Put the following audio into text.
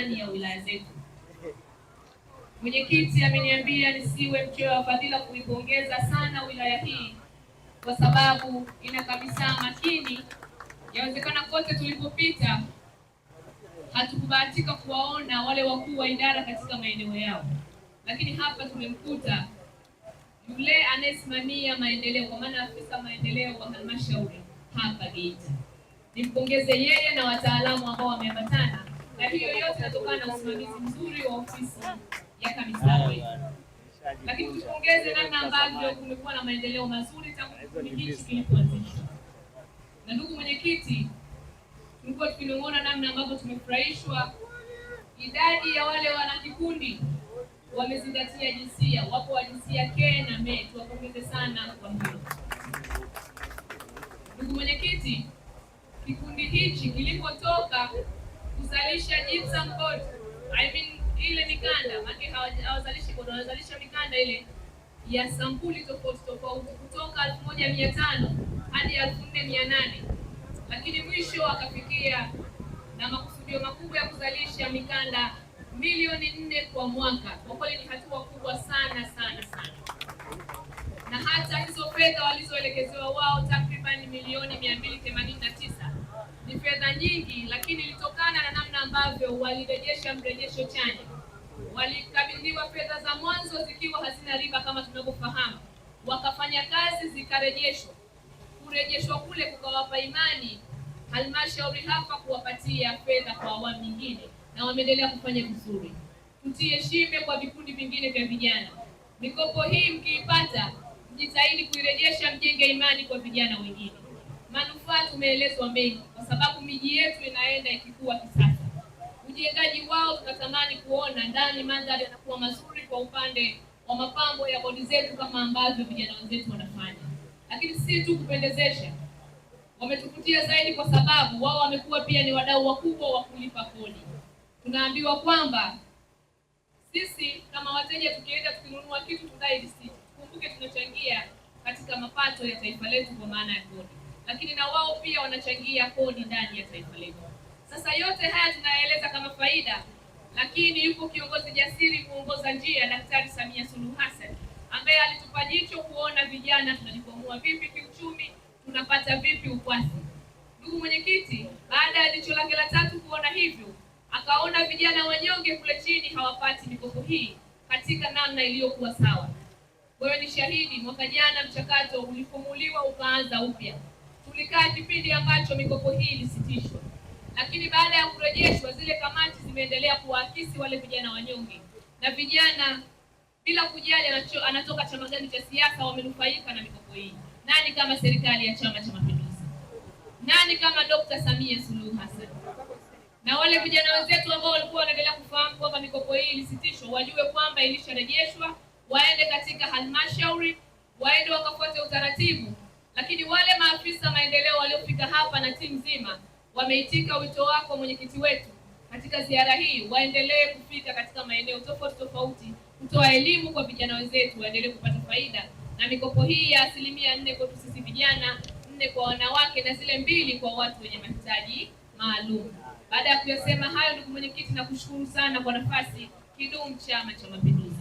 ndani ya wilaya zetu. Mwenyekiti ameniambia nisiwe mchoyo wa fadhila kuipongeza sana wilaya hii kwa sababu ina kabisa makini. Yawezekana kote tulipopita hatukubahatika kuwaona wale wakuu wa idara katika maeneo yao, lakini hapa tumemkuta yule anayesimamia maendeleo, kwa maana afisa maendeleo wa halmashauri hapa Geita. Nimpongeze yeye na wataalamu ambao wameambatana na hiyo yote inatokana na usimamizi mzuri wa ofisi ya kanisani. Ah, Lakini tupongeze namna ambavyo kumekuwa na maendeleo mazuri tangu kipindi hichi kilipoanzishwa. Na ndugu mwenyekiti, tulikuwa tukinong'ona namna ambavyo tumefurahishwa idadi ya wale wanakikundi wamezingatia jinsia, wapo wa jinsia ke na me, tuwapongeze kuzalisha gypsum board. I mean ile mikanda maki hawazalishi board, wanazalisha mikanda ile ya sampuli tofauti tofauti kutoka 1500 hadi 4800, lakini mwisho akafikia na makusudio makubwa ya kuzalisha mikanda milioni nne kwa mwaka. Kwa kweli ni hatua kubwa sana sana sana, na hata hizo fedha walizoelekezewa wao takriban milioni 289 ni fedha nyingi, lakini ilitokana na ambavyo walirejesha mrejesho chanya. Walikabidhiwa fedha za mwanzo zikiwa hazina riba kama tunavyofahamu, wakafanya kazi zikarejeshwa. Kurejeshwa kule kukawapa imani halmashauri hapa kuwapatia fedha kwa awamu nyingine, na wameendelea kufanya vizuri. Tutie shime kwa vikundi vingine vya vijana. Mikopo hii mkiipata, mjitahidi kuirejesha, mjenge imani kwa vijana wengine. Manufaa tumeelezwa mengi, kwa sababu miji yetu inaenda ikikua kisasa utendaji wao tunatamani kuona ndani, mandhari yanakuwa mazuri kwa upande wa mapambo ya bodi zetu, kama ambavyo vijana wenzetu wanafanya. Lakini si tu kupendezesha, wametuvutia zaidi kwa sababu wao wamekuwa pia ni wadau wakubwa wa kulipa kodi. Tunaambiwa kwamba sisi kama wateja tukienda tukinunua kitu tudai risiti. Kumbuke tunachangia katika mapato ya taifa letu kwa maana ya kodi, lakini na wao pia wanachangia kodi ndani ya taifa letu. Sasa yote haya tunayaeleza kama faida, lakini yupo kiongozi jasiri kuongoza njia, Daktari Samia Suluhu Hassan ambaye alitupa jicho kuona vijana tunajikwamua vipi kiuchumi, tunapata vipi ukwasi. Ndugu mwenyekiti, baada ya jicho lake la tatu kuona hivyo, akaona vijana wanyonge kule chini hawapati mikopo hii katika namna iliyokuwa sawa. Wewe ni shahidi, mwaka jana mchakato ulifumuliwa ukaanza upya. Tulikaa kipindi ambacho mikopo hii ilisitishwa. Lakini baada ya kurejeshwa, zile kamati zimeendelea kuwaakisi wale vijana wanyonge, na vijana bila kujali anatoka chama gani cha siasa wamenufaika na mikopo hii. Nani kama serikali ya Chama cha Mapinduzi? Nani kama Dr. Samia Suluhu Hassan? Na wale vijana wenzetu ambao walikuwa wanaendelea kufahamu kwamba mikopo hii ilisitishwa, wajue kwamba ilisharejeshwa, waende katika halmashauri, waende wakafuate utaratibu. Lakini wale maafisa maendeleo waliofika hapa na timu nzima wameitika wito wako mwenyekiti wetu katika ziara hii, waendelee kufika katika maeneo tofauti tofauti kutoa elimu kwa vijana wenzetu, waendelee kupata faida na mikopo hii ya asilimia nne kwetu sisi vijana, nne kwa wanawake na zile mbili kwa watu wenye mahitaji maalum. Baada ya kuyasema hayo, ndugu mwenyekiti, na kushukuru sana kwa nafasi. Kidumu Chama cha Mapinduzi!